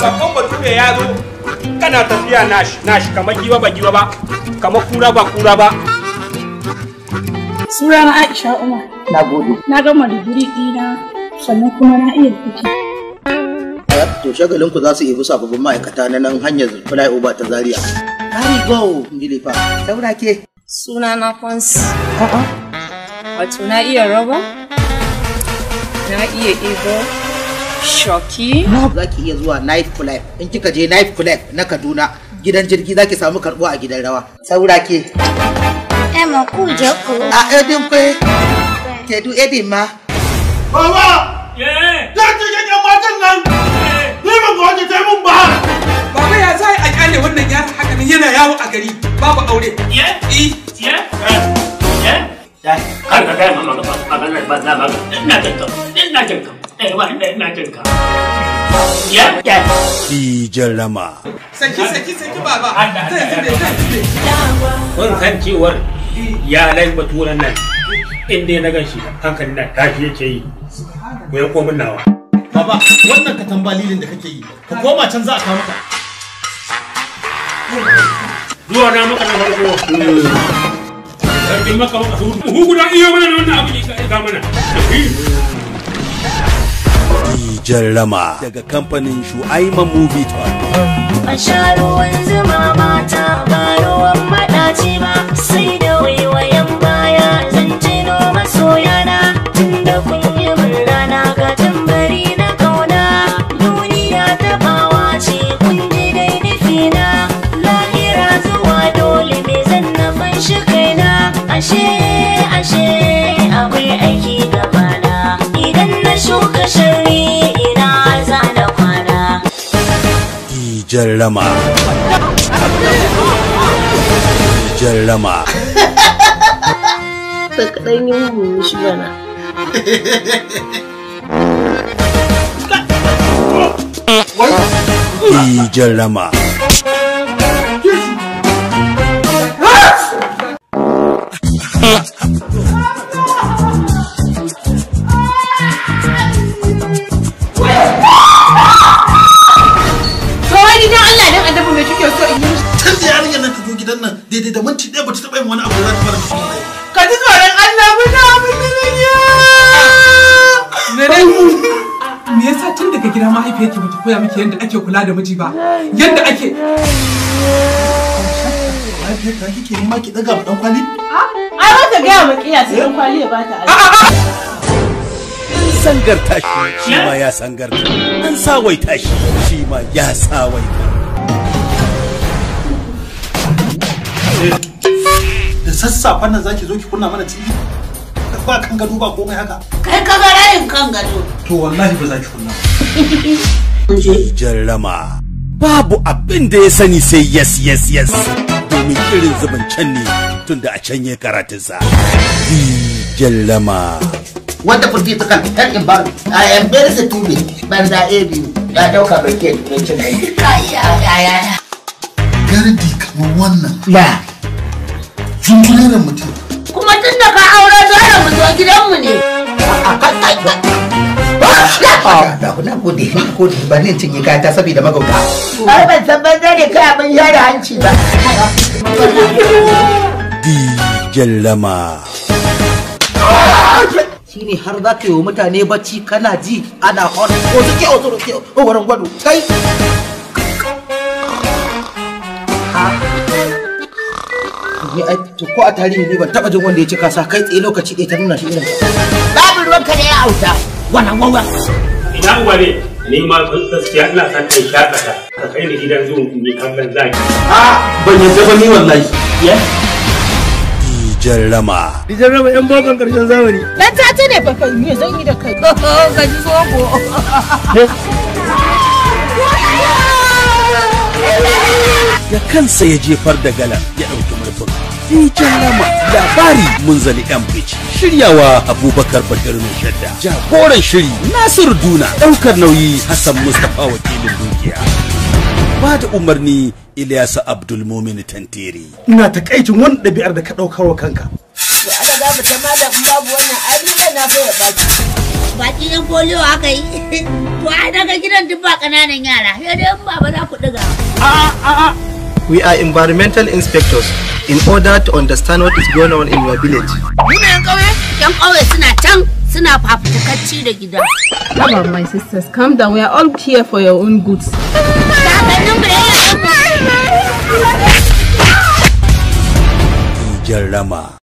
ga babban bature ya zo kana tafiya nashi nashi kamar giwa ba giwa ba kamar kura ba kura ba sura na aisha umar na gode na gama guri dina sannan kuma na iya fiki to shagalin ku za su ibi sababbin ma'aikata na nan hanyar flyover ta zaria Very go, Ngilifa. Saura ke. Suna na Fons. A'a. Wato na iya raba, Na iya ibo Shoki. Za ki iya zuwa knife club. In kika je knife club na Kaduna gidan jirgi za ki samu karbo a gidan rawa. Saura ke. Ẹ mọ̀ k'u je kó. A ku ke du edin ma. baba Bàbá! Láti yẹn matan nan! Ni mun ga wani ta mun ba! Baba ya sai a kalle wannan yaron haka ne yana yawo a gari babu aure. Ye? Eh. Ye? Ye? Kar ka gaya mama ba, ba ba ba ba ba ba ba ba ba ba ba ba ɗaya eh, ba ɗaya na jinka ya ya ki jarama saki saki saki baba zai zube zai zube kun san cewar yalan baturan nan in dai na ganshi hankali na tashi yake yi ko ya komin nawa baba wannan ka tambalilin da kake yi ka koma can za a kawo ka. zuwa na maka na farko sarkin maka maka su guda iya mana wannan abu ne ga mana jarrama daga kamfanin Shu'aiman movie tour. jarrama jarrama da kaɗan jarrama daidai da minti ɗaya ba ta taɓa yin wani abu da za ta fara mutum ɗaya. Ka ji tsoron Allah mu da abin da zan yi. Me yasa tun daga gida mahaifiyarki ba ta koya miki yadda ake kula da miji ba? Yadda ake. Mahaifiyarka kike yi ma ɗaga ma ɗan kwali? Ai ta gaya ma ƙiya sai ɗan kwali ya bata aiki. Sangarta shi, shi ma ya sangarta. An sawaita shi, shi ma ya sawaita. da sassafen nan zaki zo ki kunna mana TV ba kan gado ba komai haka kai ka ga rayin kan gado to wallahi ba za ki kunna jarrama babu abin da ya sani sai yes yes yes domin irin zuban can ne tunda a can ya karatunsa jallama wanda kurti ta kan kan in bar i am very the two me banza a biyu ya dauka bai ke ne cin ai gardi kamar wannan la jinkirin mutum kuma tun da ka aure dole mu zo gidanmu ne a na gode na gode ba zan cinye kaya ta saboda magauta ai ban san ban zane kai abin yare hanci ba dijin lama shine har za ka yi wa mutane bacci kana ji ana hon o suke o suke o wurin gwado kai ni ai to ko a tarihi ne ban taba jin wanda ya cika sa kai tsaye lokaci ɗaya ta nuna shi irin babu ruwan ka da ya auta wannan wawa ina uwa ne ni ma gaskiya ina san kai shaka ta ka kai ni gidan zuwa ni kallon zaki a ban yadda ba ni wallahi ya Dijan Rama. Dijan Rama ‘yan bokan ƙarshen zamani. Dan ta ce ne fa me zan yi da kai. Ka ji zobo. da kansa ya jefar da gala ya ɗauki murfin fikin nama labari munzali yan bici shiryawa abubakar bakar mai shadda jagoran shiri nasiru duna ɗaukar nauyi hassan mustapha wakilin dukiya ba da umarni Ilyasu Abdul Mumin Tantiri. Ina takaicin wani ɗabi'ar da ka wa kanka. Ya aka babu ta malam in babu wannan ayyuka na fa ya baki. Baki yan polio aka yi. To a daga gidan duk ba ƙananan yara. Sai dai in ba za ku ɗiga. A'a a'a We are environmental inspectors in order to understand what is going on in your village. Muna Yan kauye suna can suna fafutukacci da gida. Come on, my sisters, calm down. We are all here for your own goods. Jarrama.